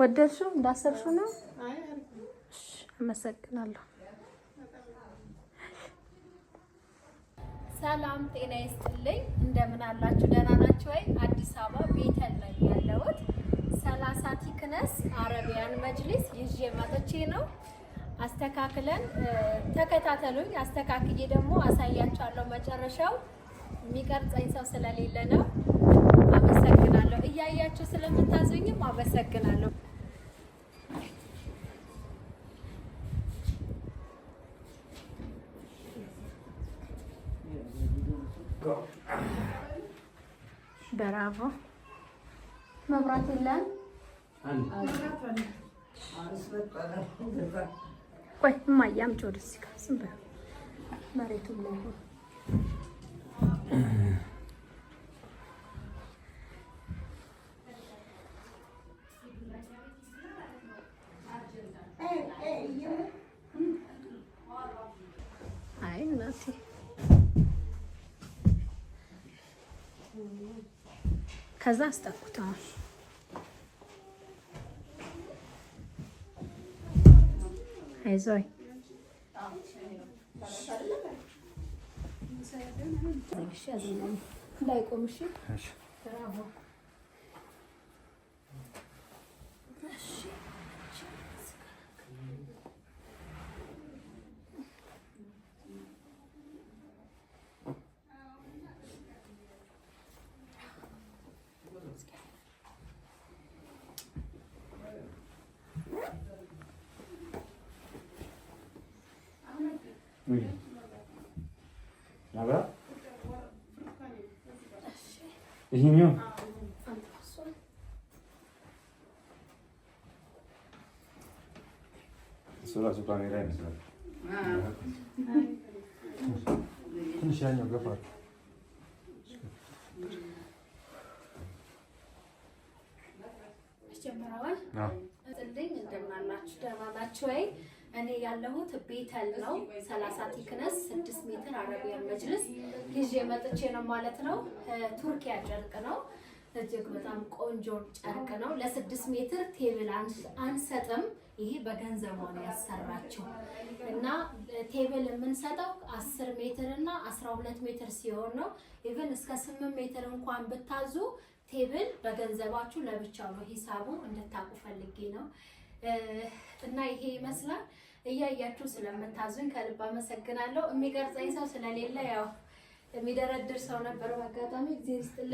ወደድሽው እንዳሰብሽው ነው? አመሰግናለሁ። ሰላም ጤና ይስጥልኝ። እንደምን አላችሁ? ደህና ናችሁ ወይ? አዲስ አበባ ቤተል ላይ ያለሁት ሰላሳ ቲክነስ አረቢያን መጅሊስ ይዤ መጥቼ ነው። አስተካክለን ተከታተሉኝ። አስተካክዬ ደግሞ አሳያችኋለሁ። መጨረሻው የሚቀርጸኝ ሰው ስለሌለ ነው። አመሰግናለሁ። እያያችሁ ስለምታዙኝም አመሰግናለሁ። በራቮ መብራት የለም። ቆይ እማዬ አምጪው ወደ እዚህ ጋር ዝም በለው። መሬቱ ላይ አይ እናቴ Казахстан кутан. Hayzoy. Дай комши. Браво. Хорошо. ይሄኛው ራሱ ካሜራ ይመስላል። ትንሽ ያኛው ገፋ ጀምረዋል። እንደምን አላችሁ? ደህና ናችሁ ወይ? እኔ ያለሁት ቤተል ነው። ሰላሳ ቲክነስ ስድስት ሜትር አረቢያን መጅልስ ይዤ መጥቼ ነው ማለት ነው። ቱርኪያ ጨርቅ ነው። እጅግ በጣም ቆንጆ ጨርቅ ነው። ለስድስት ሜትር ቴብል አንሰጥም። ይሄ በገንዘቧ ነው ያሰራችው እና ቴብል የምንሰጠው አስር ሜትር እና አስራ ሁለት ሜትር ሲሆን ነው። ኢቨን እስከ ስምንት ሜትር እንኳን ብታዙ ቴብል በገንዘባችሁ ለብቻው ነው ሂሳቡ እንድታቁ ፈልጌ ነው። እና ይሄ ይመስላል። እያያችሁ ስለምታዙኝ ከልብ አመሰግናለሁ። የሚቀርጸኝ ሰው ስለሌለ ያው የሚደረድር ሰው ነበር በአጋጣሚ ጊዜ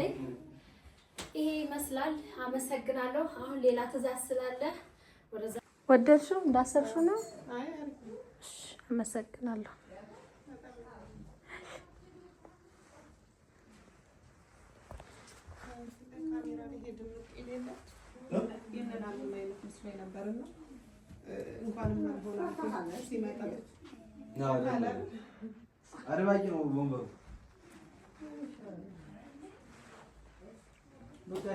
ይሄ ይመስላል። አመሰግናለሁ። አሁን ሌላ ትእዛዝ ስላለ ወደዛ ወደድሽው እንዳሰብሽው ነው። አመሰግናለሁ። መስሎኝ ነበር እና እንኳንም አልሆነ ሲመጣ አድባቂ ነው ወንበሩ። በቃ